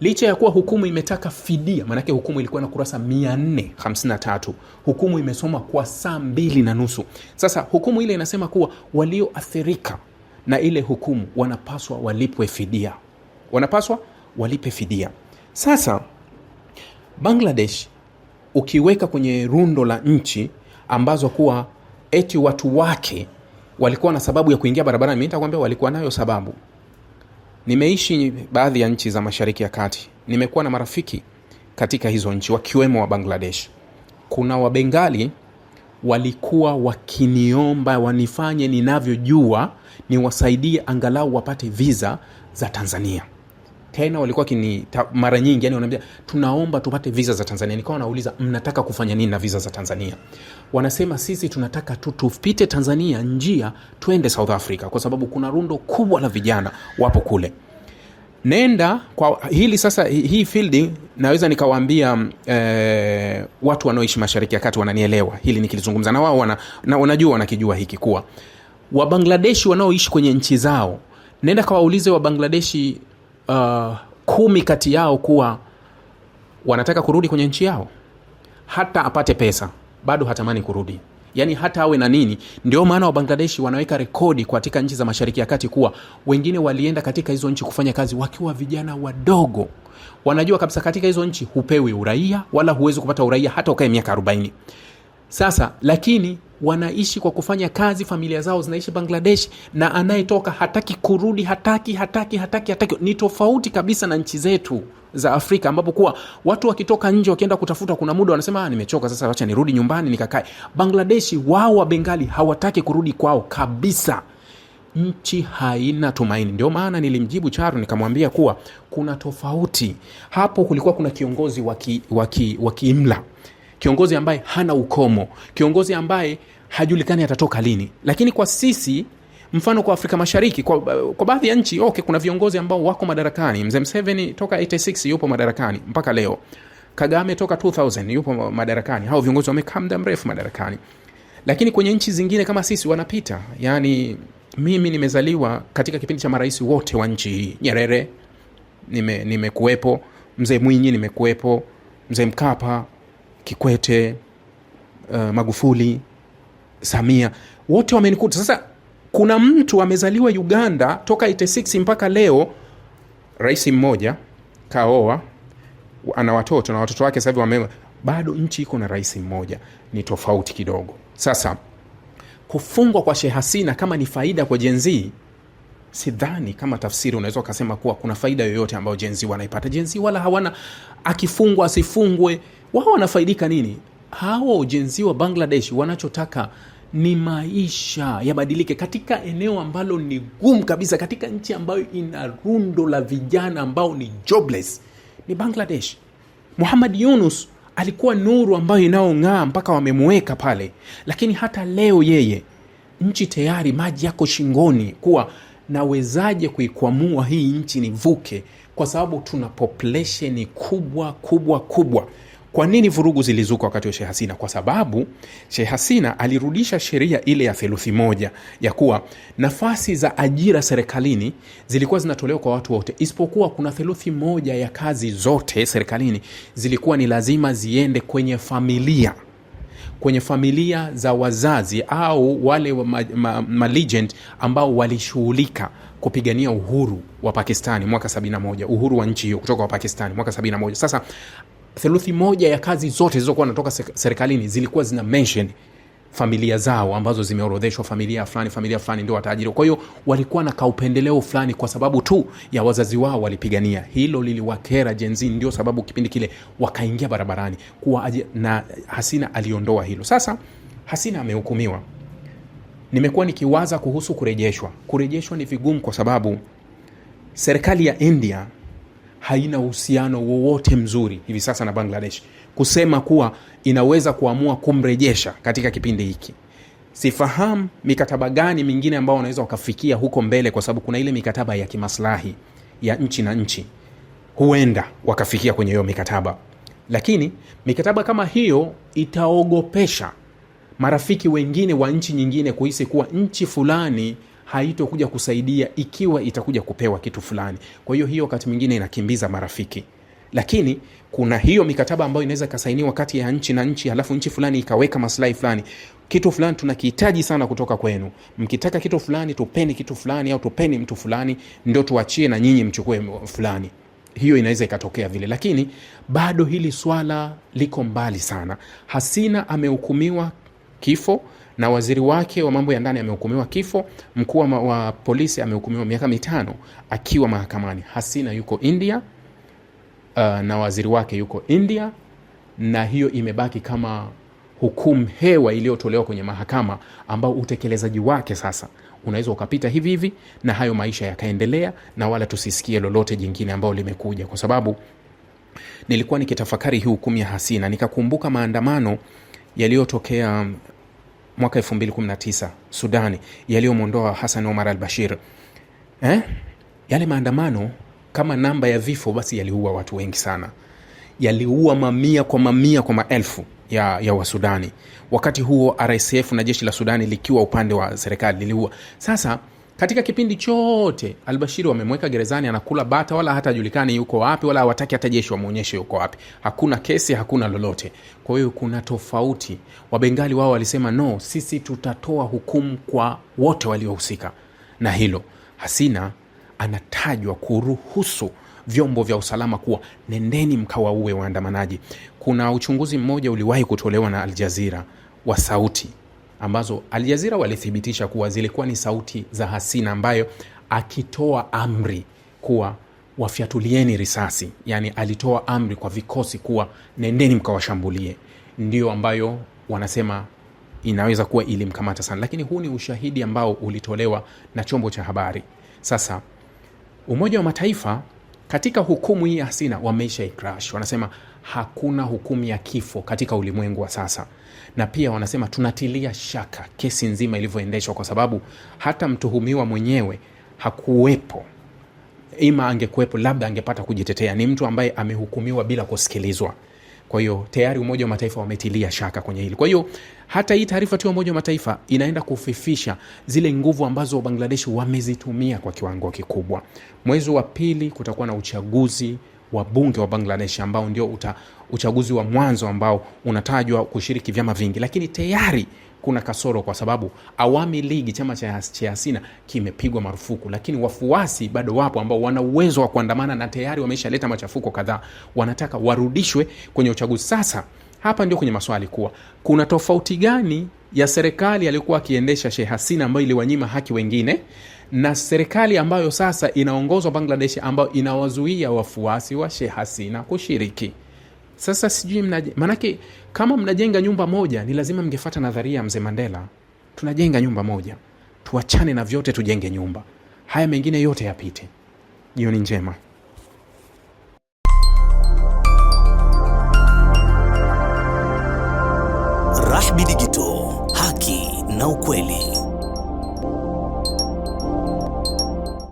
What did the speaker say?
licha ya kuwa hukumu imetaka fidia, maanake hukumu ilikuwa na kurasa 453. Hukumu imesoma kwa saa mbili na nusu. Sasa hukumu ile inasema kuwa walioathirika na ile hukumu wanapaswa walipwe fidia, wanapaswa walipe fidia. Sasa Bangladesh ukiweka kwenye rundo la nchi ambazo kuwa eti watu wake walikuwa na sababu ya kuingia barabarani, mi nitakwambia walikuwa nayo sababu Nimeishi baadhi ya nchi za Mashariki ya Kati, nimekuwa na marafiki katika hizo nchi wakiwemo wa Bangladesh. Kuna Wabengali walikuwa wakiniomba wanifanye ninavyojua, niwasaidie angalau wapate viza za Tanzania tena walikuwa kini ta, mara nyingi yani wanambia, tunaomba tupate visa za Tanzania. Nikawa nauliza mnataka kufanya nini na visa za Tanzania? Wanasema sisi tunataka tu tupite Tanzania njia twende South Africa, kwa sababu kuna rundo kubwa la vijana wapo kule. Nenda kwa hili sasa, hii field naweza nikawaambia eh, watu wanaoishi mashariki ya kati wananielewa hili nikilizungumza na wao wana, na wanajua wanakijua hiki kuwa Wabangladeshi wanaoishi kwenye nchi zao, nenda kawaulize Wabangladeshi uh, kumi kati yao kuwa wanataka kurudi kwenye nchi yao, hata apate pesa bado hatamani kurudi, yaani hata awe na nini. Ndio maana Wabangladeshi wanaweka rekodi katika nchi za Mashariki ya Kati kuwa wengine walienda katika hizo nchi kufanya kazi wakiwa vijana wadogo. Wanajua kabisa katika hizo nchi hupewi uraia wala huwezi kupata uraia hata ukae miaka arobaini. Sasa lakini wanaishi kwa kufanya kazi, familia zao zinaishi Bangladesh, na anayetoka hataki kurudi, hataki hataki hataki hataki. Ni tofauti kabisa na nchi zetu za Afrika ambapo kuwa watu wakitoka nje wakienda kutafuta, kuna muda wanasema ah, nimechoka, sasa wacha nirudi nyumbani nikakae. Bangladeshi wao wa Bengali hawataki kurudi kwao kabisa. Nchi haina tumaini. Ndio maana nilimjibu Charu nikamwambia kuwa kuna tofauti hapo. Kulikuwa kuna kiongozi wa kiimla kiongozi ambaye hana ukomo, kiongozi ambaye hajulikani atatoka lini. Lakini kwa sisi mfano kwa Afrika Mashariki, kwa, kwa baadhi ya nchi okay, kuna viongozi ambao wako madarakani. Mzee Mseveni toka 86 yupo madarakani mpaka leo. Kagame toka 2000 yupo madarakani. Hao viongozi wamekaa muda mrefu madarakani, lakini kwenye nchi zingine kama sisi wanapita. Yani mimi nimezaliwa katika kipindi cha marais wote wa nchi hii. Nyerere nimekuwepo, nime mzee Mwinyi nimekuwepo, mzee Mkapa Kikwete, uh, Magufuli, Samia wote wamenikuta. Sasa kuna mtu amezaliwa Uganda toka 86 mpaka leo, rais mmoja kaoa, ana watoto na watoto wake sasa hivi wame, bado nchi iko na rais mmoja. Ni tofauti kidogo. Sasa kufungwa kwa Sheikh Hasina kama ni faida kwa jenzii sidhani kama tafsiri unaweza ukasema kuwa kuna faida yoyote ambayo jenzi wanaipata. Jenzi wala hawana, akifungwa asifungwe, wao wanafaidika nini? Hawa ujenzi wa Bangladesh wanachotaka ni maisha yabadilike katika eneo ambalo ni gumu kabisa, katika nchi ambayo ina rundo la vijana ambao ni jobless, ni Bangladesh. muhamad Yunus alikuwa nuru ambayo inaong'aa mpaka wamemuweka pale, lakini hata leo yeye, nchi tayari maji yako shingoni, kuwa nawezaje kuikwamua hii nchi nivuke, kwa sababu tuna population kubwa kubwa kubwa. Kwa nini vurugu zilizuka wakati wa Sheikh Hasina? Kwa sababu Sheikh Hasina alirudisha sheria ile ya theluthi moja ya kuwa nafasi za ajira serikalini zilikuwa zinatolewa kwa watu wote, isipokuwa kuna theluthi moja ya kazi zote serikalini zilikuwa ni lazima ziende kwenye familia kwenye familia za wazazi au wale malegend ma, ma, ambao walishughulika kupigania uhuru wa Pakistani mwaka 71, uhuru wa nchi hiyo kutoka wa Pakistani mwaka 71. Sasa theluthi moja ya kazi zote zilizokuwa natoka serikalini zilikuwa zina mention familia zao ambazo zimeorodheshwa familia fulani familia fulani ndio wataajiriwa. Kwa hiyo walikuwa na kaupendeleo fulani kwa sababu tu ya wazazi wao walipigania hilo, liliwakera jenzi, ndio sababu kipindi kile wakaingia barabarani kuwa na Hasina aliondoa hilo. Sasa Hasina amehukumiwa. Nimekuwa nikiwaza kuhusu kurejeshwa. Kurejeshwa ni vigumu kwa sababu serikali ya India haina uhusiano wowote mzuri hivi sasa na Bangladesh kusema kuwa inaweza kuamua kumrejesha katika kipindi hiki. Sifahamu mikataba gani mingine ambao wanaweza wakafikia huko mbele, kwa sababu kuna ile mikataba ya kimaslahi ya nchi na nchi, huenda wakafikia kwenye hiyo mikataba, lakini mikataba kama hiyo itaogopesha marafiki wengine wa nchi nyingine kuhisi kuwa nchi fulani haitokuja kusaidia ikiwa itakuja kupewa kitu fulani. Kwa hiyo hiyo wakati mwingine inakimbiza marafiki lakini kuna hiyo mikataba ambayo inaweza ikasainiwa kati ya nchi na nchi, halafu nchi fulani ikaweka maslahi fulani. Kitu fulani tunakihitaji sana kutoka kwenu, mkitaka kitu fulani, tupeni kitu fulani, au tupeni mtu fulani, ndo tuachie na nyinyi mchukue fulani. Hiyo inaweza ikatokea vile, lakini bado hili swala liko mbali sana. Hasina amehukumiwa kifo na waziri wake wa mambo ya ndani amehukumiwa kifo. Mkuu wa polisi amehukumiwa miaka mitano akiwa mahakamani. Hasina yuko India uh, na waziri wake yuko India, na hiyo imebaki kama hukumu hewa iliyotolewa kwenye mahakama, ambao utekelezaji wake sasa unaweza ukapita hivi hivi na hayo maisha yakaendelea, na wala tusisikie lolote jingine ambalo limekuja, kwa sababu nilikuwa nikitafakari hii hukumu ya Hasina nikakumbuka maandamano yaliyotokea mwaka 2019 Sudani, yaliyomwondoa Hassan Omar al-Bashir eh? Yale maandamano kama namba ya vifo, basi yaliua watu wengi sana, yaliua mamia kwa mamia kwa maelfu ya, ya Wasudani. Wakati huo RSF na jeshi la Sudani likiwa upande wa serikali liliua. Sasa katika kipindi chote Albashiri wamemweka gerezani, anakula bata, wala hata ajulikani yuko wapi, wala awataki hata jeshi wamwonyeshe yuko wapi. Hakuna kesi, hakuna lolote. Kwa hiyo kuna tofauti. Wabengali wao walisema no, sisi tutatoa hukumu kwa wote waliohusika na hilo. Hasina anatajwa kuruhusu vyombo vya usalama kuwa nendeni mkawaue waandamanaji. Kuna uchunguzi mmoja uliwahi kutolewa na Aljazira wa sauti ambazo Aljazira walithibitisha kuwa zilikuwa ni sauti za Hasina ambayo akitoa amri kuwa wafyatulieni risasi, yani alitoa amri kwa vikosi kuwa nendeni mkawashambulie, ndiyo ambayo wanasema inaweza kuwa ilimkamata sana, lakini huu ni ushahidi ambao ulitolewa na chombo cha habari. Sasa Umoja wa Mataifa katika hukumu hii ya hasina wameisha ikrash, wanasema hakuna hukumu ya kifo katika ulimwengu wa sasa, na pia wanasema tunatilia shaka kesi nzima ilivyoendeshwa, kwa sababu hata mtuhumiwa mwenyewe hakuwepo. Ima angekuwepo labda angepata kujitetea. Ni mtu ambaye amehukumiwa bila kusikilizwa. Kwa hiyo tayari Umoja wa Mataifa wametilia shaka kwenye hili. Kwa hiyo hata hii taarifa tu ya Umoja wa Mataifa inaenda kufifisha zile nguvu ambazo Bangladesh wamezitumia kwa kiwango kikubwa. Mwezi wa pili kutakuwa na uchaguzi wabunge wa Bangladesh ambao ndio uta, uchaguzi wa mwanzo ambao unatajwa kushiriki vyama vingi, lakini tayari kuna kasoro kwa sababu Awami Ligi, chama cha Hasina, kimepigwa marufuku, lakini wafuasi bado wapo ambao wana uwezo wa kuandamana na tayari wameshaleta machafuko kadhaa, wanataka warudishwe kwenye uchaguzi. Sasa hapa ndio kwenye maswali kuwa kuna tofauti gani ya serikali aliyokuwa akiendesha Sheikh Hasina ambayo iliwanyima haki wengine na serikali ambayo sasa inaongozwa Bangladesh ambayo inawazuia wafuasi wa Sheikh Hasina kushiriki. Sasa sijui mnaje, maanake kama mnajenga nyumba moja ni lazima mngefata nadharia ya mzee Mandela, tunajenga nyumba moja, tuachane na vyote, tujenge nyumba, haya mengine yote yapite. Jioni njema. Rahby Digito na ukweli.